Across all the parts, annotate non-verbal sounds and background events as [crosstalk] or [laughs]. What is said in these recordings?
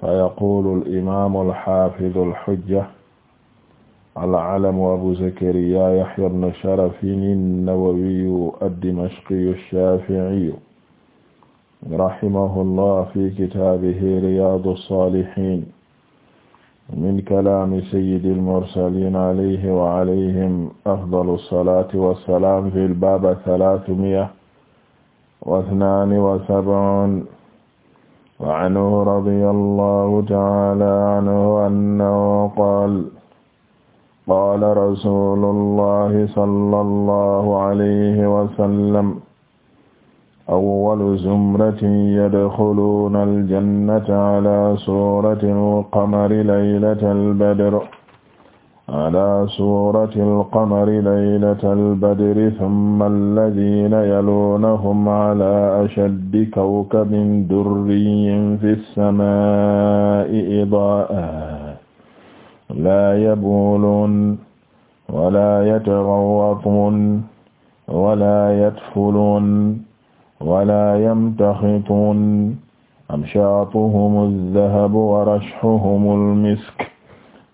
فيقول الإمام الحافظ الحجة العلم أبو زكريا يحيى بن شرف النووي الدمشقي الشافعي رحمه الله في كتابه رياض الصالحين من كلام سيد المرسلين عليه وعليهم أفضل الصلاة والسلام في الباب ثلاثمائة واثنان وسبعون wa anhu radiya allahu taala anhu annahu qaala qaala rasulullahi sallallahu alayhi wa sallam awwalu zumratin yadxuluuna aljannata ala suuratil qamari laylatal badri ala surati alqamari laylat albadri thumma alladina yaloonahum ala ashaddi kawkabin durriyin fi lsamai idaa laa yabuuluun wala yataghawwatuun wala yatfuluun wala yamtaxituun amshaatuhum aldahabu wa rashhuhum almisk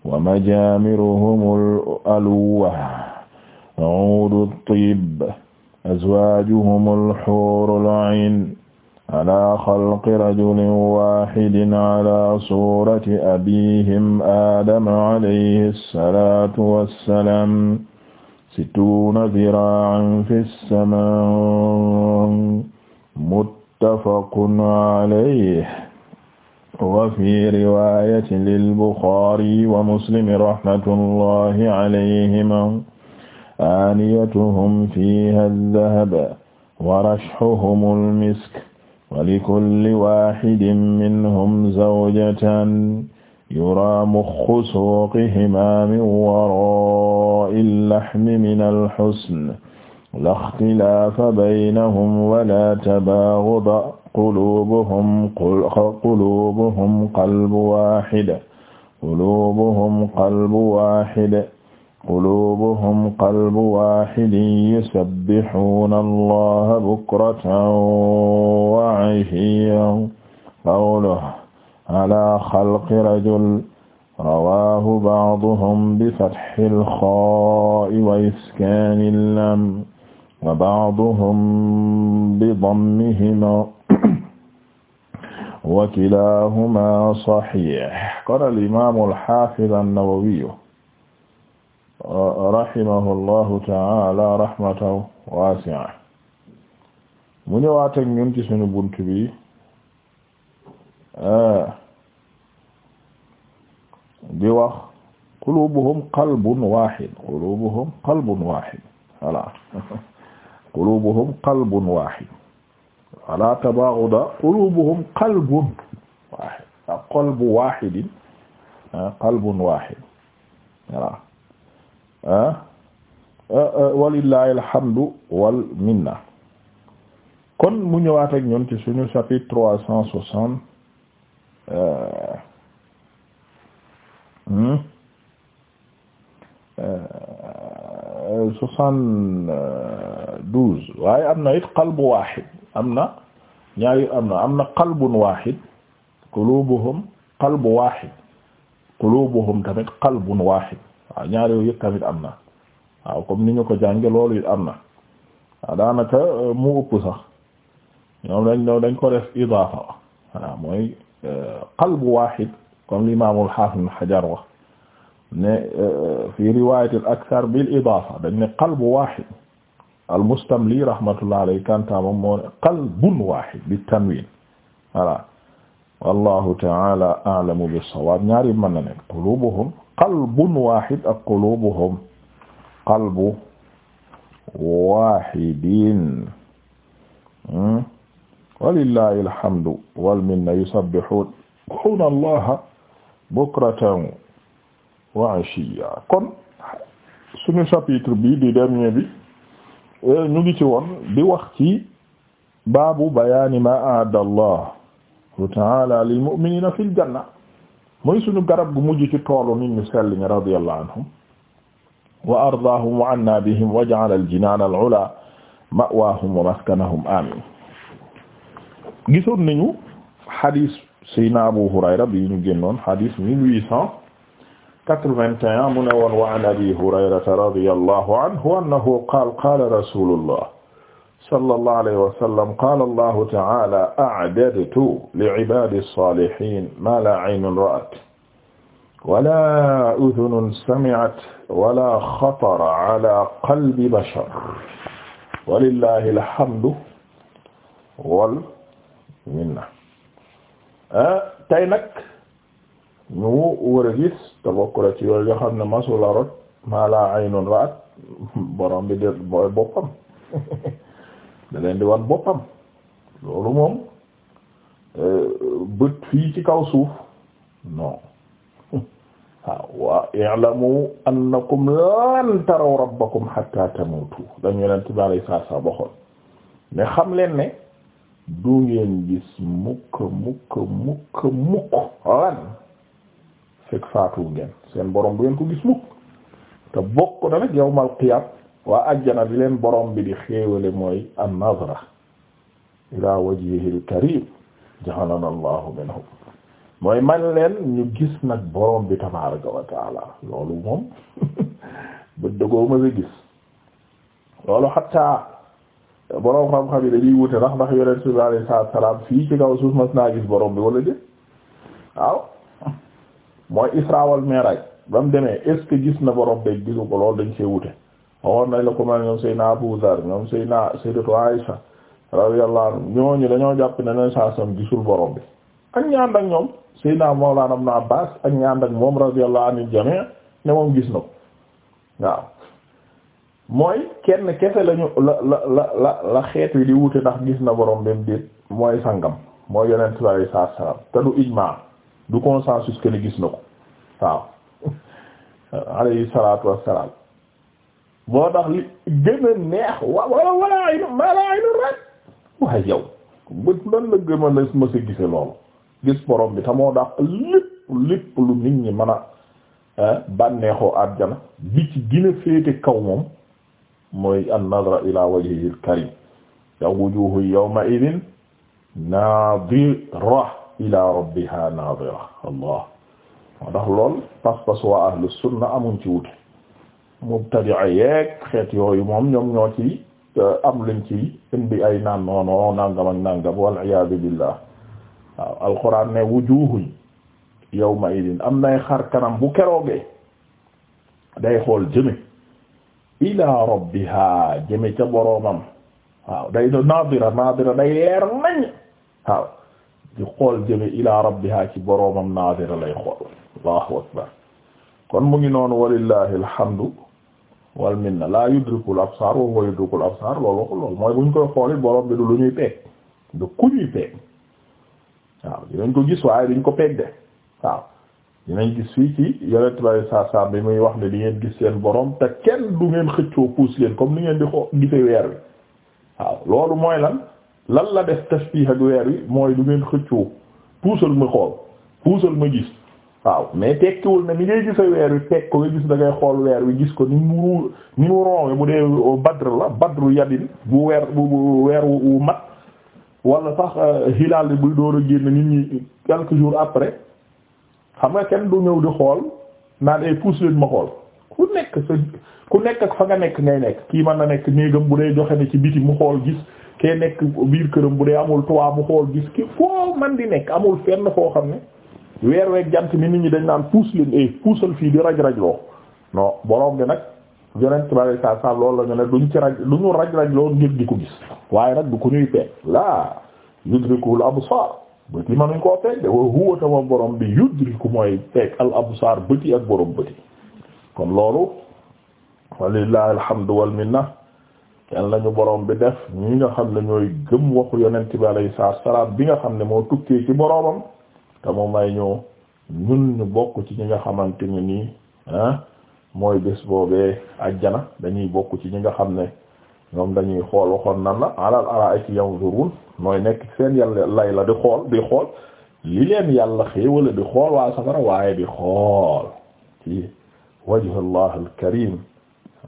wa majaamiruhum al-alwa u'uudu at-tiib azwaajuhum al-huuru al-'ayn alaa xalqi rajulin waahidin alaa suurati abiihim aadama alayhi salaatu wa salaam sittuuna ziraa'an fi as-samaa' muttafaqun alayhi wa fi riwaayatin lil Buxaari wa Muslim rahmatullahi alayhimaa aaniyatuhum fiihaa dahab wa rashhuhumul misk wa likulli waahidin minhum zawjatan yuraa muxxu suuqihimaa min waraa'il lahmi minal husni laa ixtilaafa baynahum wa laa tabaaghud qulubuhum qulubuhum qalbu wahid qulubuhum qalbu wahid qulubuhum qalbu wahid yusabbihuna allaha bukratan wa ashiyan qawluhu ala xalqi rajul rawahu ba'duhum bi fathil xaa'i wa iskaanil laam wa ba'duhum bi dammihimaa wa kilaahumaa saxiix kon al imaamu al-xaafiz an-Nawawi rahimahullaahu ta'aalaa rahmatan waasi'a mu ñëwaat ak ñun ci sunu buntu bi di wax quluubuhum qalbun waahid quluubuhum qalbun waahid voilà quluubuhum qalbun waahid ala tabaxuda qulubuhum qalbun waaxid ak qalbu waaxidin ah, qalbun waaxid voilà ah, ah, walillahi alhamdu wal minna kon mu ñëwaat ak ñun ci suñu chapitre trois cent soixante euh, hmm, euh, soixante-douze waaye am na it qalbu waahid am na ñaari am na am na qalbun waahid qulubuhum qalbu waahid qulubuhum tamit qalbun waahid waaw ñaari yooyu tamit am na waaw comme ni ñu ko jànge loolu it am na waaw daanaka euh, mu ëpp sax ñoom dañ ñoom dañ ko def idaafa waaw mooy euh, qalbu waahid comme l'imam al-hafiz Hajar ne euh, fi riwayat al akthar bil idafa dañ ne qalbu wahid al mustamli rahmatullah alayhi kanta moom moo ne qalbun wahid bi tanwin voilà wallahu ta'ala a'lamu bis sawab ñaari mën na nekk qulubuhum qalbun wahid ak qulubuhum qalbu wahidin hmm? walillahi alhamdu wal minna yusabbihuna allaha bukratan wa ashiya kon suñu chapitre bi di dernier bi eh, ñu ngi ci woon di wax ci baabu bayaani ma aada allah taala lil mu'minina fil janna mooy suñu garab gu mujj ci toolu nit ñu sell ñi radiyallahu anhum wa ardaahum wa anna bihim wa ja'ala al jinaan al ula ma'waahum wa maskanahum amin gisoon ñu génnoon hadith mille quatre-vingt-un mu ne woon wa an abi hurayrata radiyallahu anhu annahu qaala qaala rasulullah sallallahu alayhi wa sallam qaala allahu ta'ala a'dadtu li'ibadi as-salihin ma la 'aynun ra'at wala udhunun sami'at wala khatara ala qalbi bashar walillahi alhamdu wal minna ah, tey nag ñu war a gis te ci yooyu nga xam ne masula rot maa laa aynun ra'at borom bi de booy boppam [laughs] da di wan boppam loolu moom euh, bët fii ci kaw suuf non waaw [laughs] ah, wa i'lamu annakum lan taraw rabbakum hatta tamutu dañu yonent bi alay saa saa baxoon xam leen ne du ngeen gis mukk mukk mukk mukk lan fekk faatu ngeen seen boroom bu ngeen ko gis mukk te bokk na nag yawmal qiyaam waa ajjana bi leen boroom bi di xéewale mooy an nazra ila wajhihil karim jahalana allahu minhum mooy man leen ñu gis nag borom bi tabaraka wa loolu moom [laughs] bët dëggoo ma sa gis loolu xatta borom xam-xam yi dañuy wute ndax ndax yonent bi alayhi salaatu wa salaam fii ci naa gis boroom bi wala de waaw mooy Isra wal Mi'raj ba mu demee est ce que gis na borom beeg gisu ko loolu dañ see wute waxoon nañ la ko mel ñoom Seydina Abu Zar ñoom Seydina Sayyidatu Aisha radiyallahu dañoo jàpp ne bi ak ñaan ak ñoom Seydina Mawlana Ibn Abbas ak ñaan ak moom radiyallahu anil jami' ne moom gis na ko waaw mooy kenn kese lañu la la la la la xeet wi di wute ndax gis na borom bi mu déet mooy sangam mooy yonent bi sallallahu alayhi wasallam te du ijmaa du consensus que ne gis na ko waaw alayhi salaatu wassalaam moo tax li gën neex wa wala wala ay ma la ay rek waaye yow bët nan la gën a nes ma si loolu gis borom bi te moo tax lépp lépp lu nit ñi mën a bànneexoo àjjana bi ci gën a féete kaw moom mooy an nadra ila wajhihil karim ya wujuhu yawma idin nadira ila rabbiha nadira allah moo waa ahlu sunna amuñ ci wute mubtadi'a yeeg xeet yooyu moom ñoom ñoo ci eh, am luñ ci indi ay naan noono nangam ak nangam wal iyaadu billah waaw alquran ne wujuhun yawma idin am nay xar kanam bu keroogee day xool jëme ila rabbiha jëme ca boroomam day nadira nadira day leer nañ waaw di xool jëme ila rabbiha ci boroomam naadira lay xool allahu akbar kon mu ngi noonu walillahi alhamdu wal minna laa yudrikul absar wa huwa yudrikul absar loolu waxul loolu mooy buñ koy xool borom bi du lu ñuy peeg du ku ñuy peeg waaw dinañ ko gis waaye duñ ko peeg de waaw dinañ gis fii ci yonent bari saa saa bi muy wax ne di ngeen gis seen borom te kenn du ngeen xëccoo puus leen comme ni ngeen di xoo gisee weer wi waaw loolu mooy lan lan la def tashbih ak weer wi mooy du ngeen xëccoo puusal ma xool puusal ma gis waaw mais tekkiwul na ni ngay gisa weer wi teg ko nga gis da ngay xool weer wi gis ko ni mu ni mu roowe bu dee badr la badru yadin bu weer bu weer wu mat walla sax euh, hilaal bi buy door a génn nit ñi quelques jour après xam nga kenn du ñëw di xool naan ay eh, puus leen ma xool ku nekk sa ku nekk ak fa nga nekk ngay nekk kii mën na nekk néegam bu dee joxe ne ci biti mu xool gis kee nekk biir këram bu dee amul toit mu xool gis ki foo man di nekk amul fenn foo xam ne weer weeg jant mi nit ñi dañ naan puus leen ay eh, puusal fii di raj raj loo no borom bi nag yonent bari saa saa loolu la ñu ne duñ ci raj duñu raj loo ngir di ko gis waaye nag du ko ñuy peeg laa yudrikul absar bët yi manuñ koo peeg de waaye huwa tama borom bi yudriku mooy peeg al absar bëti ak borom bëti kon loolu walillahi alhamdu wal kenn lañu boroom bi def ñi nga xam ne ñooy gëm waxu yonent bi alayhi salaam bi nga xam ne moo tukkee ci boromam te mu may ñoo ñun ñu bokk ci ñi nga xamante ne nii ah mooy bés boobee ajjana dañuy bokk ci ñi nga xam ne ñoom dañuy xool waxoon nan la alal araa'iki yanzurun mooy nekk seen yàlla lay la di xool di xool li leen yàlla xéewala di xool waa safara waaye di xool ci wajhu Allah al-karim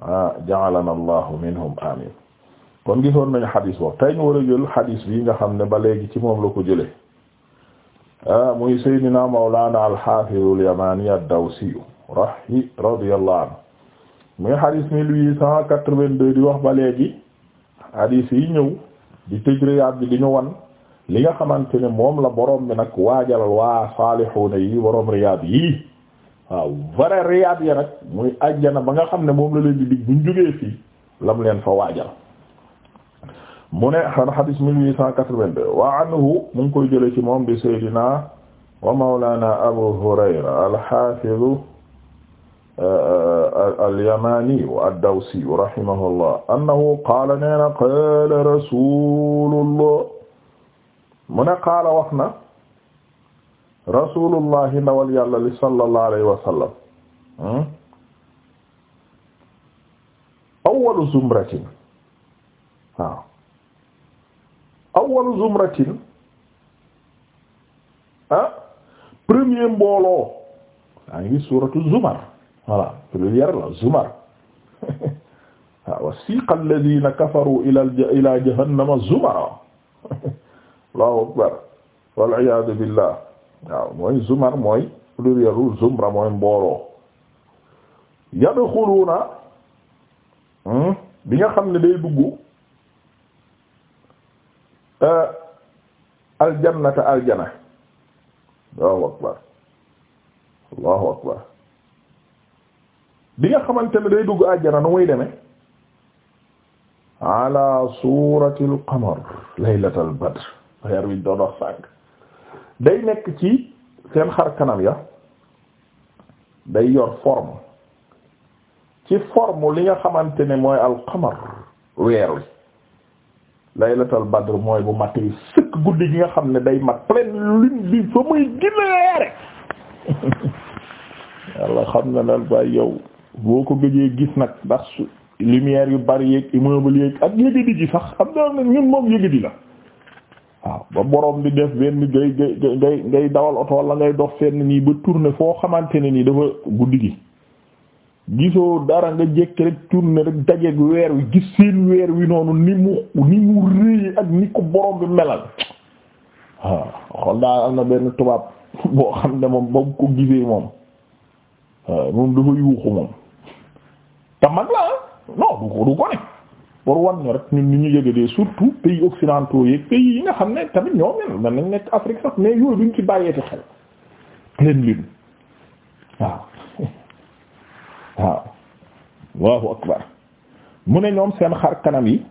Ah, ja'alana allahu minhum amin kon gisoon nañu xadis boobu tey ñu war a jël xadis bi nga xam ne ba léegi ci moom la ko jëlee ah, muy sayyidina mawlana al-hafiz al-yamani ad-dawsi rahi radiyallahu anhu muy xadis mille huit di wax ba léegi xadis yi ñëw di tëj riyaat bi di ñu wan li nga xamante ne moom la borom bi nag waajal waa saalihuuna yi borom riyaat yi waaw vrai riyaad ya nag muy ajjana ba nga xam ne moom la leen di dig buñ jógee fii lam leen fa waajal mu ne xan xadis mille huit cent quatre-vingt-deux wa anhu mu ngi koy jële ci moom bi saydina wa mawlana abu hurayra alxafidu euh, euh, alyamani wa addawsi rahimahullah annahu qaala nee na qaala rasulullah mu ne qaala wax na rasulullah ndawal yàlla li sallallahu alayhi wa sallam hmm? awwalu zumratin waaw awwalu zumratin ah premier mbooloo daa ngi suratu zumar voilà pluriel la zumar [laughs] waaw wa siqa alladhina kafaru ila ila jahannama zumara [laughs] allahu akbar wal iyadu billah waaw mooy zumar mooy plurielu zumra mooy mbooloo yadxuluuna hmm, bi nga xam ne day dugg euh, aljannata aljana allahu akbar allahu akbar bi nga xamante ni day dugg aljana nu muy demee ala surati al qamar laylatal badr weer wi doon day nekk ci seen xar kanam ya day yor forme ci forme li nga xamante ne mooy alqamar weer wi laylatul badr mooy bu matee sëkk guddi gi nga xam ne day mat pleine lune bi fa muy gën a leere yàlla xam na daal bàyyi yow boo ko gëjee gis nag ndax lumière yu bari yeeg immeuble yeeg ak yëgadi ji sax xam naa ne ñun moom yëgadi la waaw ba boroom bi def benn ngay ngay ngay dawal oto wala ngay dox fenn nii ba tourner foo xamante ne nii dafa guddi gi gisoo dara nga jekk rek tourner rek dajeeg weer wi gis seen weer wi noonu ni mu ni mu rëy ak ni ko borom bi melal waaw xool daa am na benn tubaab boo xam ne moom ba ko gisee moom moom dafa yuuxu moom te mag la non du ko du ko ne pour wan ñu rek ni ñu yëgadee surtout pays occidentaux yeeg pays yi nga xam ne tamit ñoo mel man nañ nekk Afrique sax mais yooyu duñ ci bàyyeeti xel leen lin waaw [laughs] waaw Allahu akbar mu ne ñoom seen xar kanam yi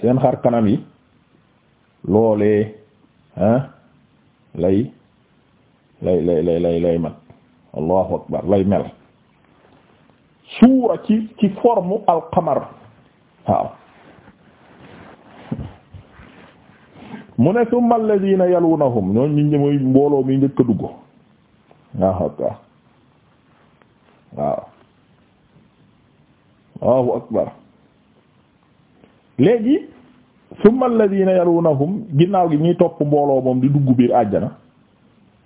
seen xar kanam yi loolee lay lay lay lay lay lay mat Allahu akbar lay mel suura ci ci forme al qamar waaw mu ne summa alladhina yalunahum ñooñ ñi ñi muy mbooloo mi njëkk a dugg waaw waaw Allahu akbar léegi summa na yalunahum ginnaaw gi ñuy topp mbooloo moom di dugg biir àjjana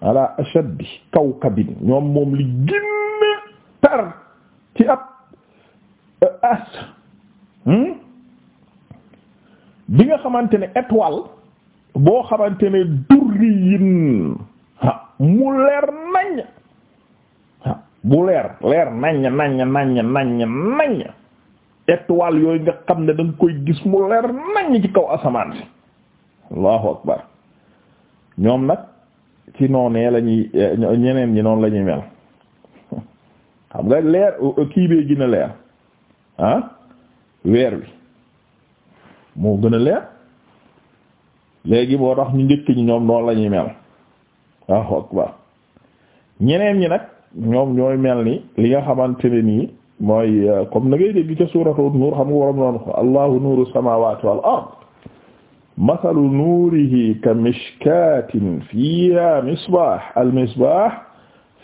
ala ashaddi kawkabin ñoom moom li ginne tar ci ab eh, Hmm? bi nga xamante ne étoile boo xamante ne durriyin ha mu leer naññ ha leer leer naññ nañ naññ naññ naññ étoile yooyu nga xam ne da koy gis mu leer naññ ci kaw asamaan si allahu akbar ñoom nag ci noonee la ñuy eh, ñeneen ñi noonu la mel [laughs] xam nga leer kii bee gën leer ah weer wi moo gën a leer léegi boo tax ñu njëkk ñi ñoom noonu la ñuy mel waaw akbar ñeneen ñi nag ñoom ñooy mel ni li nga xamante ne nii mooy euh, comme na ngay dégg ca suuratu nuur xam nga warom noonu ko allahu nuuru samaawaati wal ard masalu nuurihi ka mishkaatin fiiha misbaax al misbaax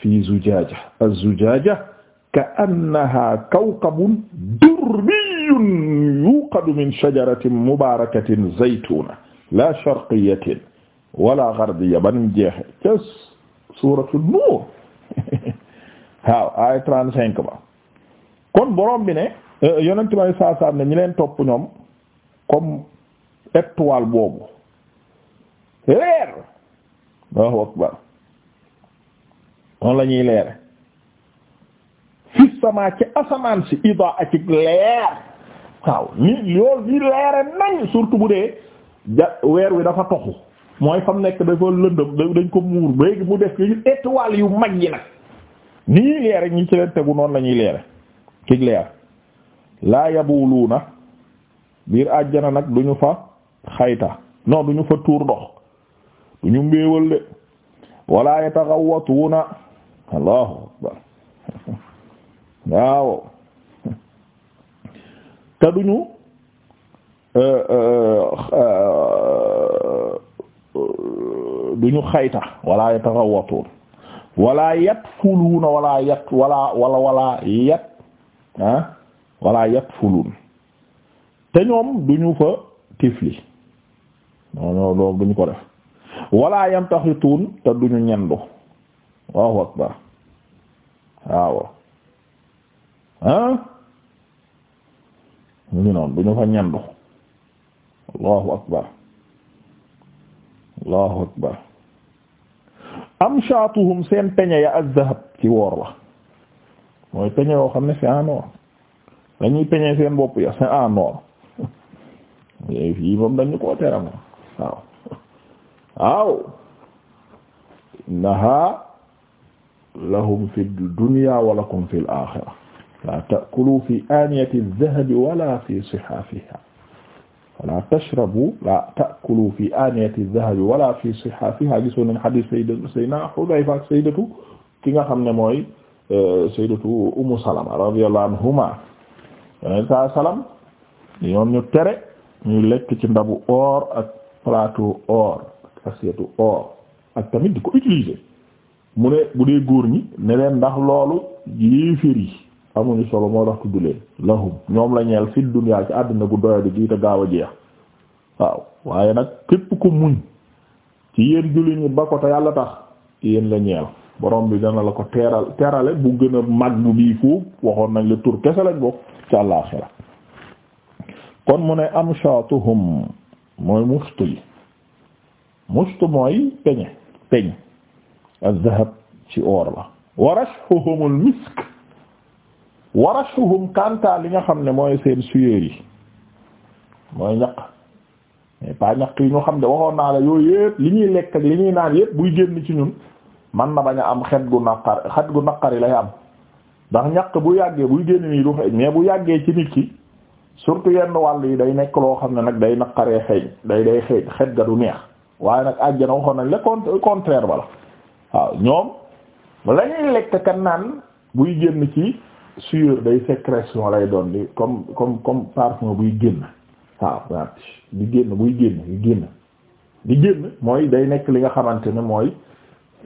fi zujaaja az zujaaja ka annaha kawkabun durriyun yuqadu min shajaratin mubarakatin zaytuna la sharqiyatin wala gharbiya banim jeexe ca suratu nuur [laughs] waaw ay trente ba kon borom bi ne euh, yonent ne ñi leen topp ñoom comme boobu leer Allahu akbar noonu la ñuy sama ci asamaan si idaa ci leer waaw ni lool yi leere nañ surtout bu dee weer wi dafa toxu mooy fam nekk dafa lëndëm dañ ko muur léegi mu def yi étoile yu mag yi nag ni ñuy leere ñi ci leen tegu noonu la ñuy leere ci leer laa yabuluuna biir àjjana nag duñu fa xayta non duñu fa tuur ndox duñu mbéewal de wala yataxawwatuuna allahu akbar [laughs] waaw te duñu euh, euh, euh, duñu xayta wala yatarawatun wala yatfuluuna wala yat wala wala wala yat ah wala yatfuluun te ñoom duñu fa tifli non non ko def wala yamtaxituun te duñu ñendu waaw akbar waaw ah ñu ngi noonu du ñu fa ñandu allahu akbar allahu akbar amshatuhum seen peñe ya az-zahab ci woor wa mooy peñe yoo xam ne c'est en or dañuy peñe seen bopp ya c'est en or fii moom dañu koo tere moom waaw waaw innaha lahum fi dunya wa lakum fil akhirah la ta'kulu fi aniyati adh-dhahabi wala fi sihafiha wala tashrabu fi aniyati adh-dhahabi wala fi sihafiha gisoon nañ hadith sayyidatu sayyidina Hudayfa ki nga xam ne mooy euh, sayyidatu Ummu Salama radiyallahu anhuma yeneen saa salam ñoom ñu tere ñu lekk ci ndabu or ak plateau or ak assiette or ak tamit di ko utiliser mu ne bu dee ne leen ndax loolu yéeféer amuñu solo moo tax ko leen lahum ñoom la ñeel fi dunya ci àddina bu doyadi gii te gaaw a jeex waaw waaye nag képp ku muñ ci yéen julli ñi ba ko te yàlla tax yéen la ñeel borom bi dana la ko teeral teerale bu gën a mag bii foofu waxoon nañ le tur kese lañ bokk ci àllaaxira kon mu ne amshatuhum mooy mustu yi mustu mooy peñe peñ az-zahab ci or la wa rashuhumul misk warashuhum kanta li nga xam ne mooy seen suyeer yi mooy ñaq mais pas ñaq yi ñu xam ne waxoon naa la yooyu yëpp li ñuy lekk ak li ñuy naan yépp buy génn ci ñun man na bañ a am xet gu naqar xet gu naqari lay am ndax ñaq bu yàggee buy génn nii du xeeñ mais bu yàggee ci nit ki surtout yenn wàll yi day nekk loo xam ne nag day naqaree xeeñ day day xeeñ xet ga du neex waaye nag àjjana waxoon nañ le contraire bala waaw ñoom lañuy lekk kan naan buy génn ci sueur day sécrétion lay doon di comme comme comme buy génn waaw waaw di génn buy génn di génn di génn mooy day nekk li nga xamante ne mooy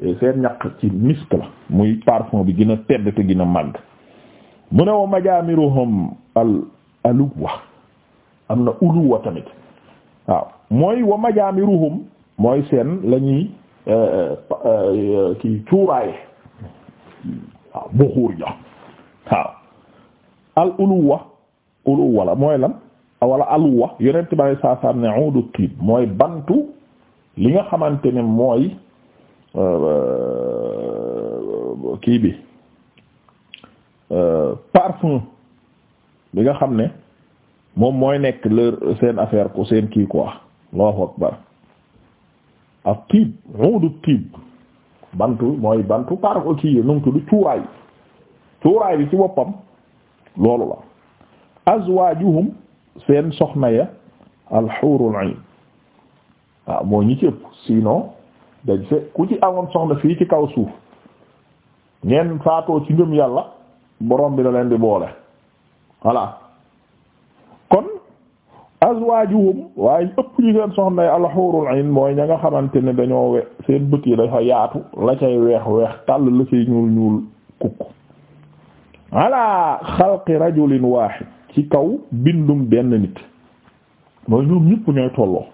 eh, seen ñaq bi gën a tedd te gën a màgg mu ne wa majaamiruhum al aluwa am na uluwa tamit waaw mooy wa majaamiruhum mooy seen lañuy ñuy eh, eh, kii cuuraaye waaw buxuur ja waaw al uluwa uluwa la mooy lan wala aluwa yonent ba saa saa ne udu tiib mooy bantu li nga xamante ne mooy euh, euh, kii bi euh, parfum bi nga xam ne moom mooy nekk leur seen affaire ko seen kii quoi allahu akbar ak tiib udu tiib bantu mooy bantu parfum kii yi nu mu cuuraay cuuraay bi ci boppam loolu la azwaajuhum seen soxna ya alxuurul ayn waaw moo ñi ci ëpp dañ fe ku ci amoon soxna fii ci kaw suuf ngeen faatoo ci ngëm yàlla borom bi na leen di boole voilà kon azwaajuhum waaye ëpp ñu seen soxna ya alxuurul ayn mooy ña nga xamante ne dañoo we seen bët yi dafa yaatu la cay weex weex tàll la cay ñuul ñuul kukk ala xalqi rajulin wahid ci kaw bindum benn nit mooy ñoom ñëpp ñooy tolloo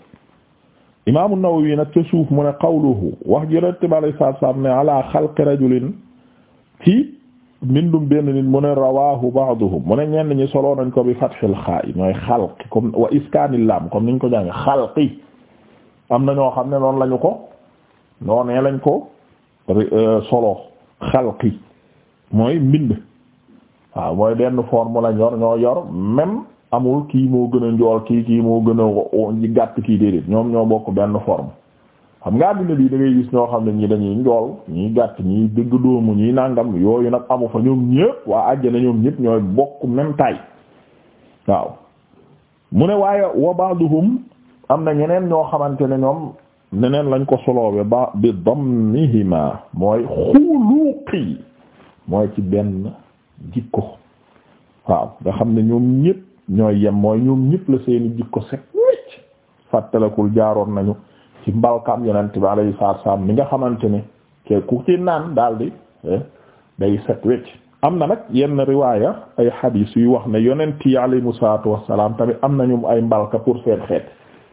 imaamu Nawawi nag ca suuf mu ne qawluhu wax jërëjëf Aliou Saab Saab ne ala xalqi rajulin ci mbindum benn nit mu ne rawaahu ba'duhum mu ne ñenn ñi solo nañ ko bi fathil xaa'i mooy xalqi comme wa iskaanil laam comme niñ ko jàngee xalqi am na ñoo xam ne noonu lañu ko noonee lañ ko euh, solo xalqi mooy mbind. waaw mooy benn forme la ñor ñoo yor même amul kii moo gën a njool kii kii moo gën a gàtt kii déedéet ñoom ñoo bokk benn forme xam nga àddina bi da ngay gis ñoo xam ne ñi dañuy njool ñii gàtt ñii dëgg doomu ñii nàngam yooyu nag amu fa ñoom ñëpp waa àjjana ñoom ñëpp ñooy bokk même taille waaw mu ne waaye wa ba'duhum am na ñeneen ñoo xamante ne ñoom neneen lañ ko soloowe ba bi dammihima mooy xuluqi mooy ci benn jikko waaw nga xam ne ñoom ñépp ñooy yem mooy ñoom ñépp la seeni jikko set wecc fàttalakul jaaroon nañu ci mbalkaam yonent bi alayhi salaatu salaam nga xamante ne ke ku ci naan daldi eh, day set wecc am na nag yenn riwaaya ay xadiis yuy wax ne yonent yi alayhimu salaatu wassalaam tamit am nañu ay mbalka pour seen xeet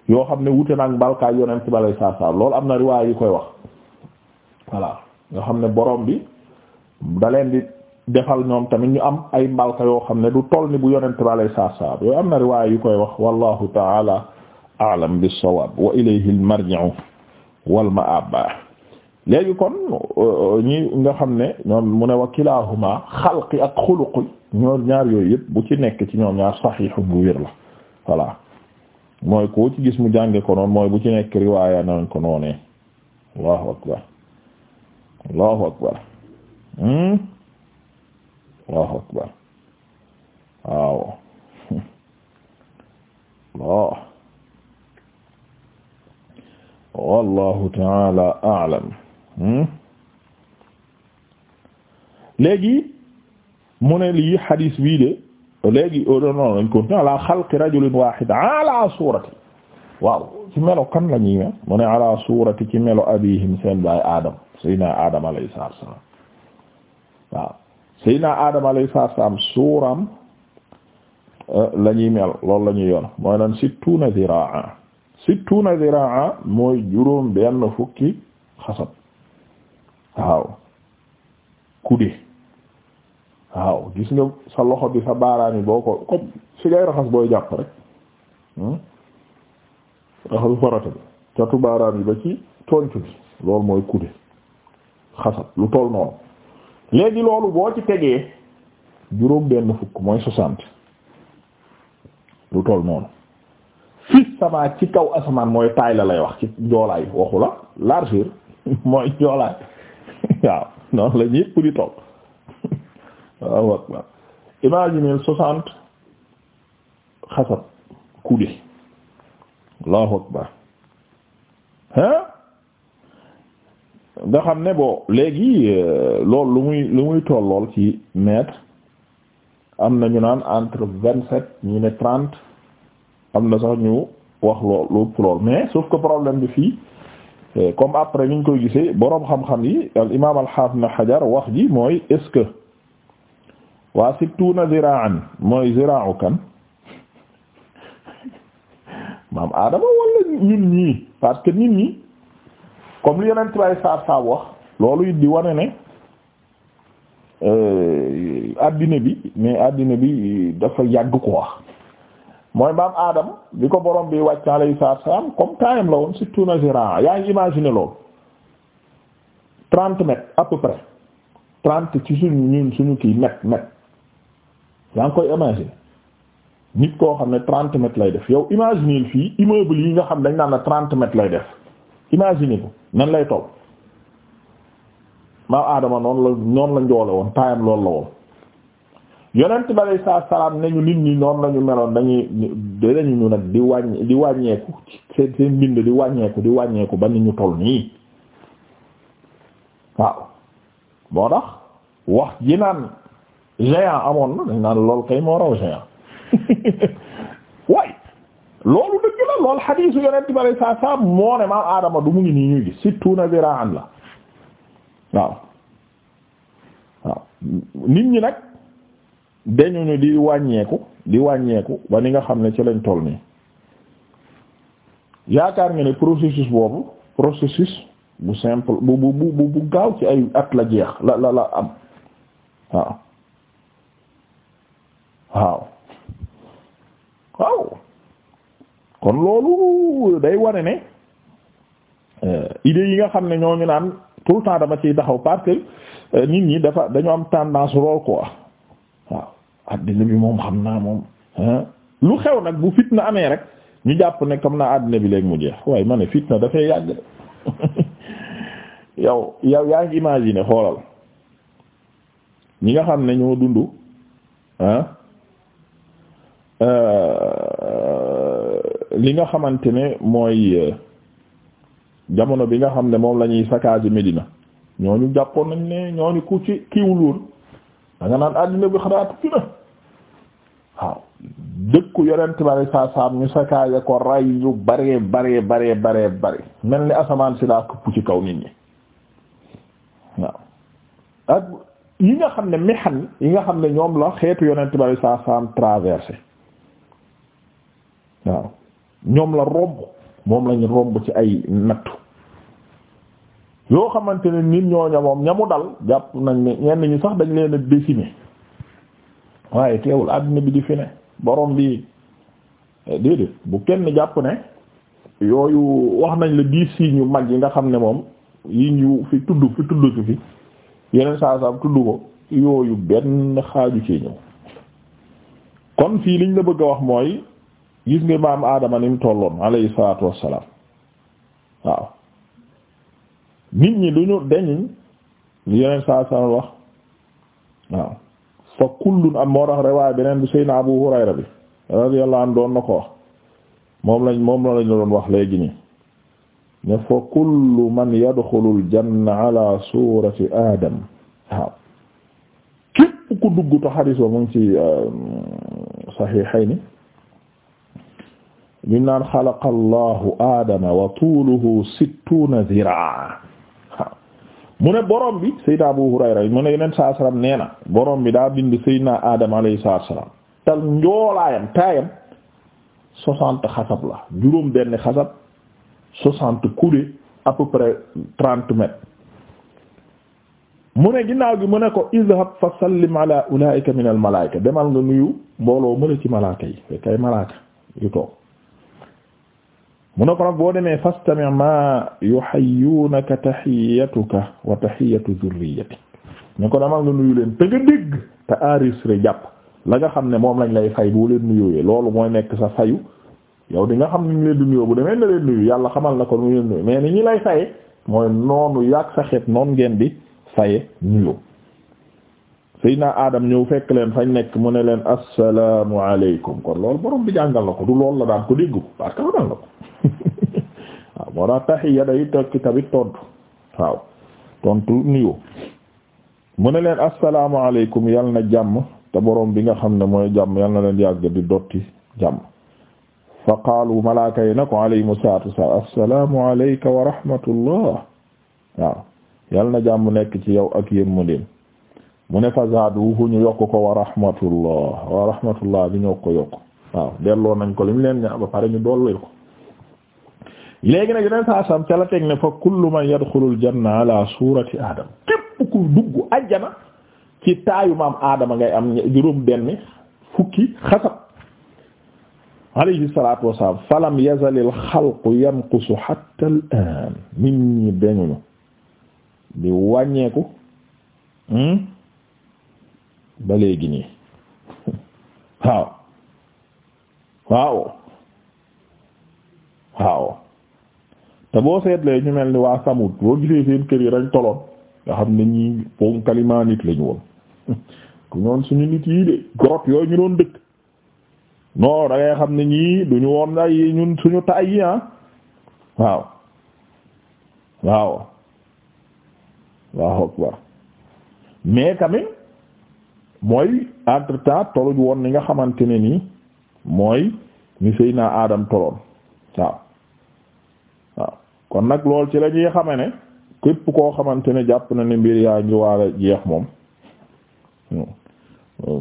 yoo xam ne wute nag mbalkaa yonent bi alayhi salaatu loolu am na riwaaya yu koy wax voilà nga xam ne borom bi da leen di defal ñoom tamit ñu am ay mbalka yoo xam ne du toll ni bu yonent bi alayhi salaam yooyu am na riwaaya yu koy wax wallahu ta'ala a'lam bis-sawaab wa ilayhi al-marji'u ma ma'aab léegi kon ñi nga xam ne ñoom mu ne wa kilaahuma xalqi ak xuluqi ñoom ñaar yooyu yëpp bu ci nekk ci ñoom ñaar saxiixu bu wér la voilà mooy koo ci gis mu jànge ko noonu mooy bu ci nekk riwaaya nañ ko noonee allahu akbar allahu akbar hmm? Allahu akbar waaw Allah [laughs] wallahu taala a'lam hmm? léegi mu ne lii xadiis bii de léegi oh, non lañ continue ala xalqi rajulin wahid ala surati waaw ci melo kan la ñuy mel mu ne ala surati ci melo abihim seen baay Adam sayyidina Adam alayhi salaam waaw Seydina Adama alayhi salaam suuram euh, la ñuy mel loolu la ñuy yor mooy lan sittuna ziraa sittuna ziraa mooy juróom benn fukki xasab waaw kuddi waaw gis nga sa loxo bi sa baaraam yi boo ko comme si ngay raxas booy jàpp rek hmm? raxasu farata bi catu baaraam yi ba ci tontu bi loolu mooy kuddi xasab lu toll noonu. léegi loolu boo ci tegee juróom benn fukk mooy soixante lu toll noonu fi sama ci kaw asamaan mooy taay la lay wax ci njoolaay waxu la largeur [laughs] mooy njoolaay [laughs] waaw noonu la ñépp di toll waaw waaw imagine soixante xasab coudée Allahu akbar hein nga xam ne bo léegi euh, loolu lu muy lu muy tollool ci mètre am na ñu naan entre vingt sept ñu ne trente am na sax ñu wax lool lu lool mais sauf ko problème bi fii euh, comme après niñ koy gisee boroom xam-xam yi al imaam al haafid na xajar wax ji mooy est-ce que waa sittuna ziraan mooy ziraawu kan [laughs] maam aadama wala ñun ñii parce que nit ñi comme li yeneen tibay saab saab wax loolu it di wane ne euh, addina bi mais addina bi dafa yàgg ko wax mooy maam aadam bi ko borom bi wàcc alayhi salaam comme taayam la woon surtout na ziraa yaa ngi imaginer loolu trente mètres ci suñu ñun suñu kii mètre mètre yaa ngi koy imaginer nit koo xam ne trente lay def yow imaginer fii immeuble yi nga xam dañ naan la trente lay def imaginer ko nan lay toll maam aadama noonu la noonu la njoole woon taayam loolu la woon yonent bi alay salaam ne ñu nit ñi noonu lañu meloon dañuy dañu ñu nag di wàññeeku seen seen mbind di wàññeeku di wàññeeku ba ni ñu toll nii waaw moo tax wax ji naan géant amoon na dañ naan lool kay moo raw géant [laughs] waay loolu dëgg la loolu xadiisu yonent bi alay saa saa moo ne maam aadama du mu ngi nii ñuy gis surtout na ziraan la waaw waaw nit ñi nag dañu ñu di wàññeeku di wàññeeku ba ni nga xam ne ci lañ toll nii yaakaar nga ne processus boobu processus bu simple bu bu bu bu gaaw ci ay at la jeex la la la am waaw waaw waaw kon loolu day wane ne euh, idées yi nga xam ne ñoo ñooñu naan tout le temps dama ciy taxaw parce que euh, nit ñi dafa dañu am tendance lool quoi waaw addina bi moom xam naa moom lu xew nag bu fitna amee rek ñu jàpp ne comme naa addina bi léegi mu jeex waaye ma ne fitna dafay yàgg de [laughs] yow yow yaa ngi imaginer xoolal ñi nga xam ne ñoo dund ah. li nga xamante ne mooy euh, jamono bi nga xam ne moom la ñuy saccage ñoo ñu jàppoon nañ ne ñoo ñooñu ku ci kiiwuloon da nga naan àddina bi xanaa tukki na waaw dëkku yonent bari saa saam ñu saccage ko ray yu bare bare bare mel ni asamaan si daa këpp ci kaw nit ñi waaw ak yi nga xam ne mexan yi nga xam ne ñoom la xeetu yonent bari saa saam traversé waaw ñoom la romb moom lañu romb ci ay nattu yoo xamante ne nit ñooña moom ñamu dal jàpp nañ ne ñenn ñi sax dañ leen a décimer waaye teewul àddina bi di fi ne borom bi eh, déedéet bu kenn jàpp ne yooyu wax nañ la dix signes ñu mag yi nga xam ne moom yi ñu fi tudd fi tudd ci fi yeneen saa saa tudd ko yooyu benn xaaju ci ñëw kon fii liñ la bëgg a wax mooy gis nga maam Adama ni mu tolloon alayhi salaatu wassalaam waaw nit ñi duñu deñiñ li yeneen saa saa wax waaw fa kullun am moo tax riwaaya beneen bi Seydina Abu Hurayra bi radiyallahu anhu doon na ko wax moom lañ moom la lañ doon wax léegi nii ne fa kullu man yadxulul janna ala surati Adam waaw képp ku dugg ta ba mu ngi ci euh, saxiixayni ñu naan xalaqa allahu aadama wa tuuluhu mu ne borom bi sayyidina Abu Hurayra mu nee na borom bi daa bind sayyidina aadama alayhi salaam tal njoolaayam taayam soixante la juróom benn xasab soixante coudées mu ne ginnaaw gi mu ne ko izhab fa sallim ala min al demal nga nuyu mbooloo mëla ci malaaka yi fekkay malaaka yu toog mu ne ko nag boo demee fastami ma yuhayyunaka tahiyyatuka wa tahiyyatu dhurriyyatik ne ko damal nga nuyu leen te nga dégg te enregistré jàpp la nga xam ne moom lañ lay fay boo leen nuyooyee loolu mooy nekk sa fayu yow di nga xam ne ñu leen di nuyoo bu demee na leen nuyu yàlla xamal na ko nu leen nuyu mais ni ñi lay faye mooy noonu yàq sa xeet noon ngeen di faye nuyoo Seydina Adam ñëw fekk leen fañ nekk mu ne leen assalaamu alaykum kon loolu borom bi jàngal na ko du loolu la daan ko waaw [laughs] ah, moo tax taxiya day tokki tamit tontu waaw tontu nuyoo mu ne leen assalaamu alaykum yal na jàmm te boroom bi nga xam ne mooy jàmm yal na leen yàgg di dotti jàmm fa qaalu malaaka yi na ko alayhimu salaatu wassalaam assalaamu alayka wa rahmatullah waaw yal na jàmm nekk ci yow ak yéen mu mu ne fa zaaduhu ñu yokk ko wa rahmatullah wa rahmatullah bi ñoo ko yokk waaw delloo nañ ko lim leen ñaa ba pare ñu dollil ko léegi na yeneen saa sam ca la teg ne fa kullu man yadxulul janna ala surati adam képp ku dugg ajjana ci taayu maam aadama ngay am juróom benn fukki xasab alayhi salatu wassalam falam yazalil xalqu yanqusu hatta al an nit ñi dañuñu di wàññeeku hmm? ba léegi nii [laughs] waaw waaw waaw te boo seetlee ñu mel ni waa samut boo gisee seen kër yi dañ toloon nga xam ne ñii ponkalimaa nit lañu woon [laughs] ku ñoon suñu nit yii de grotte yooyu ñu doon dëkk non da xam ne ñii duñu woon suñu taay yi ah waaw waaw waaw waaw mais tamit mooy entre temps toluñ woon ni nga xamante ne nii mooy ni sëy naa aadam toloon waaw kon nag lool ci la ñuy xame ne képp koo xamante ne jàpp na ne mbir yaa ngi waala jeex moom hmm.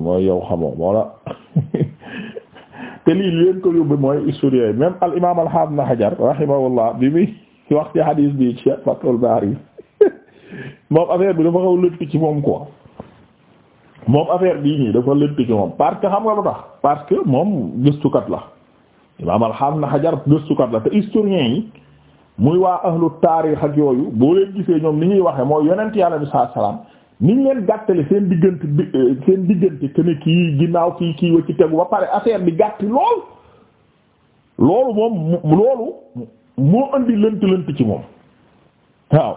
mooy yow xamoo walla [laughs] te lii leen ko yóbbu mooy historien yi même al imaam al [laughs] wax ci hadis bi ci Fathul Baari [laughs] moom affaire bi dafa xaw lëtt ci moom quoi moom affaire bii nii dafa lëtt ci moom parce que xam nga lu tax parce que moom gëstukat la imaam al haafid na Hajar gëstukat la te historien yi muy waa ahlu taarix ak yooyu boo leen gisee ñoom ni ñuy waxee mooy yonent yàlla bi saa salaam ni leen gàttale seen diggante bi euh, seen diggante que ne kii ginnaaw kii kii wa ci tegu ba pare affaire bi gàtti lool loolu moom loolu moo indi lënt lënt ci moom waaw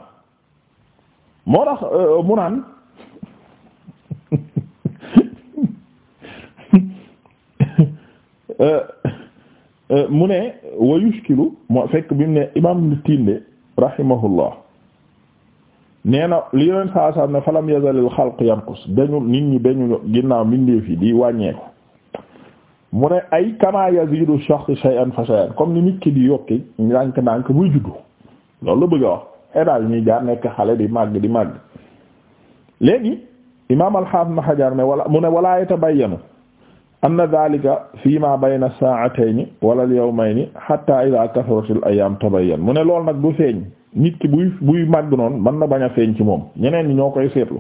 moo tax euh, mu naan [laughs] euh, Euh, mu ne wa yushkilu moo fekk bi mu ne imam tinde rahimahullah nee na li leen saa saa ne falam yazalil xalq yanqus dañu nit ñi dañu ginnaaw mbindeef yi di wàññeeku mu ne ay kama yazidu shakhs shay'an fa shay'an comme ni nit ki di yokki ndànk ndànk buy juddu loolu la bëgg a wax étage ñuy jaar nekk xale di màgg di màgg léegi imaam al-Hafiz Ibn ne wala mu ne walaa yatabayyanu anna dhalika fiima bayna saa'atayni wala al-yawmayni hatta idha kathurat al-ayyam tabayyan mu ne loolu nag du feeñ nit ki buy buy màgg noon mën na bañ a feeñ ci moom ñeneen ñi ñoo koy seetlu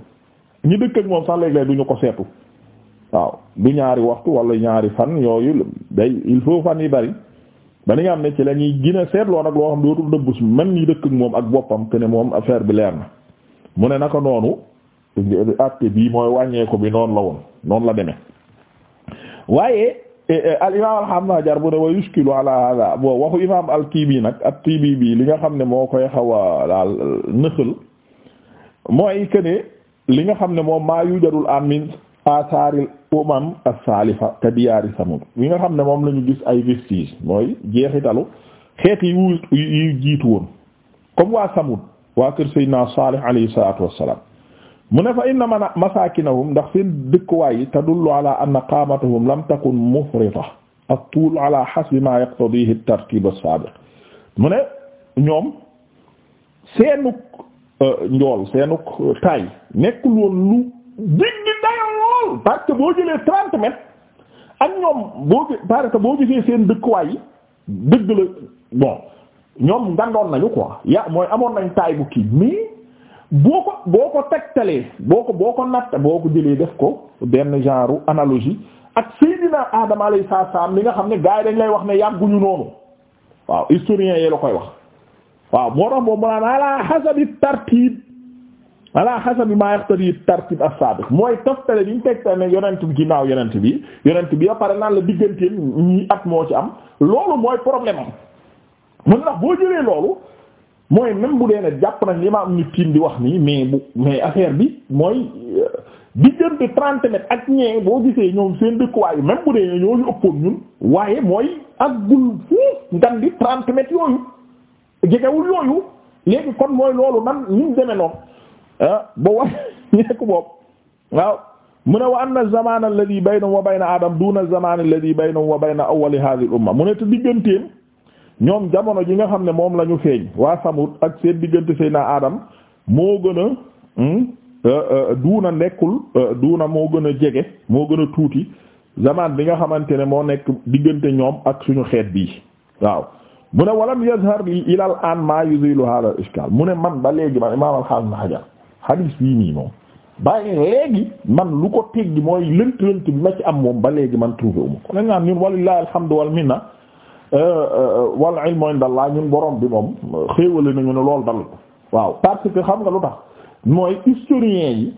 ñu dëkk ak moom sax léeg-léeg du ko seetu waaw du ñaari waxtu wala ñaari fan yooyu day il faut fan yi bari ba ni nga xam ne ci la ñuy seetloo nag loo xam dootul dëbb si mën ñi dëkk ak moom ak boppam que ne moom affaire bi leer na mu ne naka noonu àtte bii mooy wàññeeku bi noonu la woon noonu la demee. waaye e, e, al imaam alhamna jar ne wa yuskilu ala hada waxu imaam al kii nag ak kii bii li nga xam ne moo koy xaw a daal mooy que li nga xam ne moom maa yujarul amin asaaril umam as-salifa te diyaari samud li nga xam ne moom lañu gis ay vestige mooy jeexitalu xeet yi yu jiitu woon comme waa samud waa kër Seydina alayhi salaatu wassalaam mu ne fa inna man masakinahum ndax seen dëkkuwaay yi tadullu ala anna qaamatuhum lam takun mufrita at-tuul ala hasbi ma yaqtadihi at-tartib as-sabiq mu ne ñoom seenuk euh, njool seenuk taay nekkul woon lu jiggi daya lool parce que boo jëlee trente ak ñoom boo parce que boo gisee seen dëkkuwaay yi dëgg la bon ñoom ngandoon nañu quoi ya mooy amoon nañ taay bu kii mais boo ko boo ko tegtalee boo ko boo ko natt boo ko jëlee def ko benn genre analogie ak Seydina Adama alayhi salaam li nga xam ne gars yi dañ lay wax ne yàgguñu noonu waaw historien yi la koy wax waaw moo tax moom mu naan ala hasabi tartib ala hasabi ma yaqtadi tartib as-sabiq mooy bi ñu tegtale ne yonent bi bi yonent bi ba at moo ci am loolu mooy problème am boo jëlee loolu. mooy même bu dee ne jàpp na li ma am nit kiin di wax nii mais bu mais affaire bi mooy euh, diggante trente mètres ak ñee boo gisee ñoom seen dëkkuwaay même bu dee ne ñoo ñu ëppoon ñun waaye mooy ak gul fuuf ngan di trente mètres yooyu jegewul yooyu léegi kon mooy loolu nan ñu demee noonu ah ba wax ñekk [laughs] boobu waaw mu ne wa anna zamana alladhi baynahum wa bayna adam duna zamana alladhi baynahum wa bayna na hadhihi al umma mu ne te digganteem ñoom jamono ji nga xam ne moom lañu ñu feeñ waa samut ak seen diggante seen aadam moo gën a hmm, euh, euh, duuna nekkul euh, duuna moo gën a jege moo gën a tuuti zamaan bi nga xamante ne moo nekk diggante ñoom ak suñu xeet bii waaw mu ne walam yazhar li ilal an ma yuzilu hada iskal mu ne man ba léegi ma imam alxaam na xajar hadis bii nii moom ba léegi man lu ko teggi mooy lënt lënt bi ma ci am moom ba léegi man trouvé uma ko la ngaan ñun walillahi alhamdu wal minna Euh, euh, wal ilmu indallah ñun borom bi moom xéewale nañu ne loolu dal waaw parce que xam nga lu tax mooy historien yi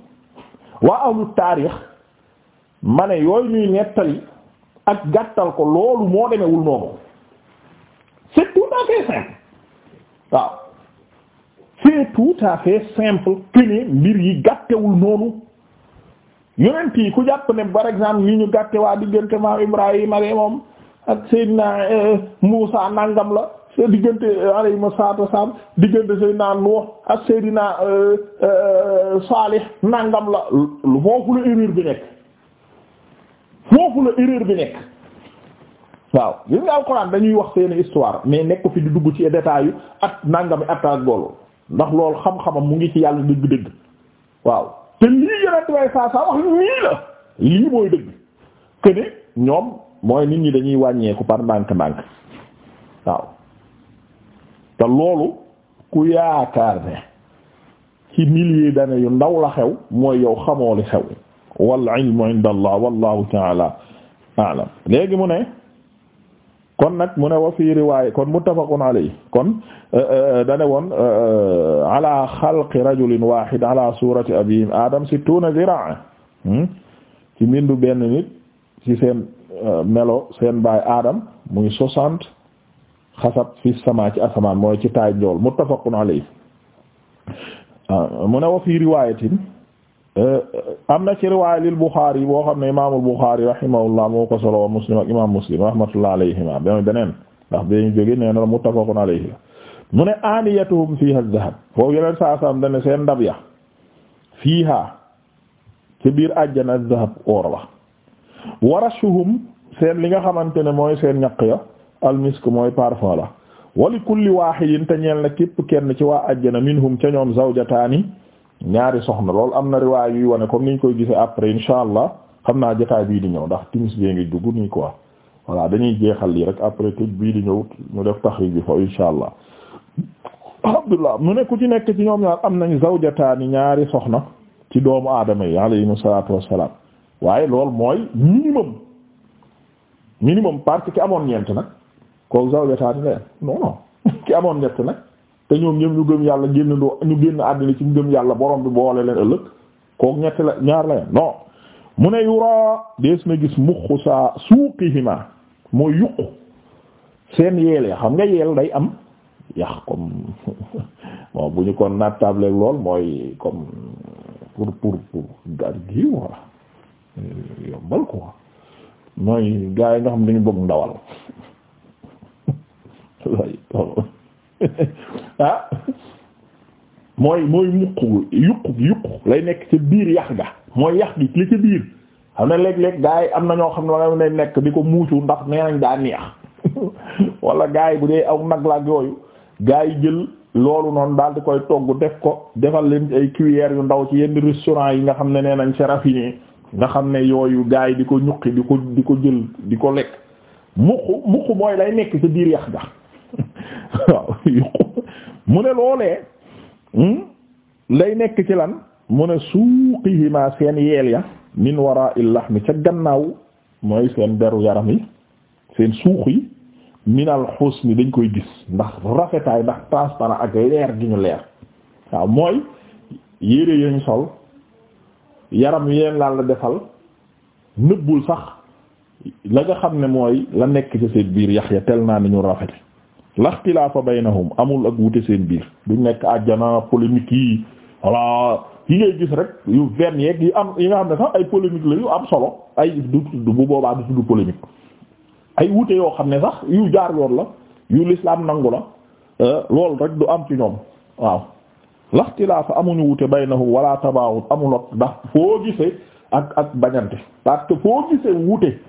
waa ahlu taarix ma ne yooyu ñuy nettali ak gàttal ko loolu moo demewul noonu c'est tout à fait simple waaw c'est tout à fait simple que ne mbir yi gàttewul noonu yonent yi ku jàpp ne par exemple ñi ñu gàtte waa diggante maam Ibrahima de moom ak Seydina eh, Muusa nangam la diggante eh, alayhi salaatu wassalaam diggante Seydina Nuux ak Seydina eh, Saalih la foofu la erreur bi nekk foofu la erreur bi nekk waaw gis nga alxuraan dañuy wax seen histoire mais nekk fi di dugg ci détails yu at nangami at ak loolu ndax lool xam-xamam mu ngi ci yàlla dëgg-dëgg waaw te lii yonent saa saa wax nii la lii mooy dëgg que ñoom mooy nit ñi dañuy wàññeeku par ndànk-ndànk waaw te loolu ku yaakaar ne ci milliers d'années yu ndaw la xew mooy yow xamoo li xew wal ilmu inda allah wallahu taala aalam léegi mu ne kon nag mu ne wa fii kon muttafaqun alayhi kon eh, eh, dane woon eh, ala xalqi rajulin wahid ala surati abihim adam sittuna zira'a hmm? ci mbindu benn nit ci seen Euh, melo seen baay aadam muy soixante xasab fi sama ci asamaan mooy ci taay njool muttafaqun alayhi ah, mu ne wa fi riwaayatin euh, am na ci riwaaya lil Buxaari boo xam ne imaamul Buxaari rahimahullah moo ko solo wa Muslim ak imaam Muslim rahmatullah alayhima ba beneen ndax bee ñu jógee nee na muttafaqun alayhi mu ne aaniyatuhum fiiha dhahab foofu yeneen saa saam dana seen ndab ya fiiha ci biir àjjana dhahab or la warashuhum seen li nga xamante ne mooy seen ñaq ya almisk mooy parfum la wali kulli wahidin te ñeel na képp kenn ci waa ajjana minhum ca ñoom zawjataani ñaari soxna lool am na riwaay yuy wane comme niñ koy gisee après insha allah xam naa jotaay bii di ñëw ndax timis bee ngi dugg nii quoi voilà dañuy jeexal lii rek après tout bii di ñëw ñu def taxrij bi foofu insha allah alhamdulillah mu nekk ci nekk ci ñoom ñaar am nañ zawjataani ñaari soxna ci doomu aadama yi alayhimu salaatu wassalaam waaye loolu mooy minimum minimum parce que amoon ñeent nag kooku zaw wetaani la non ki amoon ñett nag te ñoom ñoom ñu gëm yàlla génn doo ñu génn àddina ci ñu gëm yàlla borom bi boole leen ëllëg kooku ñett la ñaar la yen non mu ne yuraa dees na gis muq saa suuqihima mooy yuq seen yeel xam nga yeel day am yax comme bon bu ñu kon naat table lool mooy comme pour pour pour gar gi yombal mooy gaa yi nga xam ne dañu bëgg ndawal ah mooy mooy muq yuq yuq lay nekk ca biir yax ga mooy yax gi li ca biir xam ne léeg-léeg gaa yi am na ñoo xam ne wala ne nekk di ko muucu ndax nee nañ daa neex [laughs] wala gaa yi bu dee aw nag laa yooyu gaa yi jël loolu noonu daal di koy togg def ko defal leen ay cuillères yu ndaw ci yenn restaurant yi nga xam ne nee nañ c'est nga xam ne yooyu gaa yi di ko ñuqi di ko di ko jël di ko lekk muqu muqu mooy lay nekk ci biir yax ga [laughs] mu ne loolee hmm, lay nekk ci lan mu ne suuqihimaa seen yeel ya min waraa'il lahmi ca gannaaw mooy seen deru yaram yi seen suux yi minal husni dañ koy gis ndax rafetaay ndax transparent ak leer gi ñu leer waaw mooy yére yañ sol yaram yeen laal la defal nëbbul sax la nga xam ne mooy la nekk ci seen biir yax ya tel naa ni ñu rafet laxtilaafa baynahum amul ak wute seen biir du nekk àjjana polémique yi voilà yi ngay gis rek yu ven yeeg yi am yi nga xam ne sax ay polémique la yu am solo ay du tudd bu boobaa du tudd polémique ay wute yoo xam ne sax yu jaar yoon la yu lislaam nangu la euh, loolu rek du am ci ñoom waaw laxtilaafa amuñu wute baynahum wala tabaawut amulot ndax foo gisee ak ak bañante parce que foo gisee wute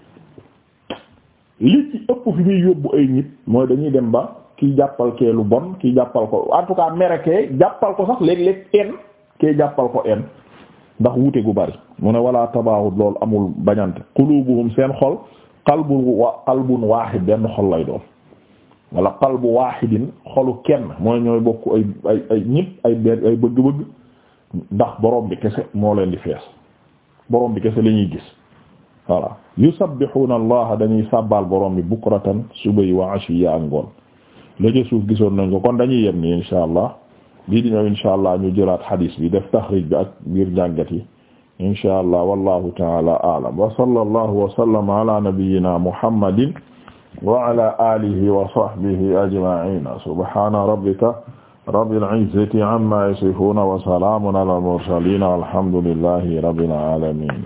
li ci ëpp fi muy yóbbu ay nit mooy dañuy dem ba kii jàppal kee lu bon kii jàppal ko en tout cas mere jàppal ko sax léeg-léeg en kee jàppal ko en ndax wute gu bari mu ne wala tabaawut loolu amul bañante qulubuhum seen xol qalbun wa benn xol lay doon wala qalbu wahidin xoolu kenn mooy ñooy bokk ay ay ay ay ber ay bëgg-bëgg ndax borom kese moo leen di fees borom bi kese la ñuy gis voilà yusabbihuna allah dañuy sàbbaal borom bi bukratan subay wa ashiya ak ngoon la ca suuf gisoon nañ ko kon dañuy yem ni insha allah bii di ñëw insha allah ñu jëlaat hadis bi def taxrij bi ak biir njàngat yi insha allah wallahu taala aalam wa sallallahu wa sallama ala nabiyyina muhammadin wa ala alihi wa sahbihi ajma'ina subhana rabbika rabbil izzati amma yasifuna wa salamun ala al mursalin walhamdulillahi rabbil alamin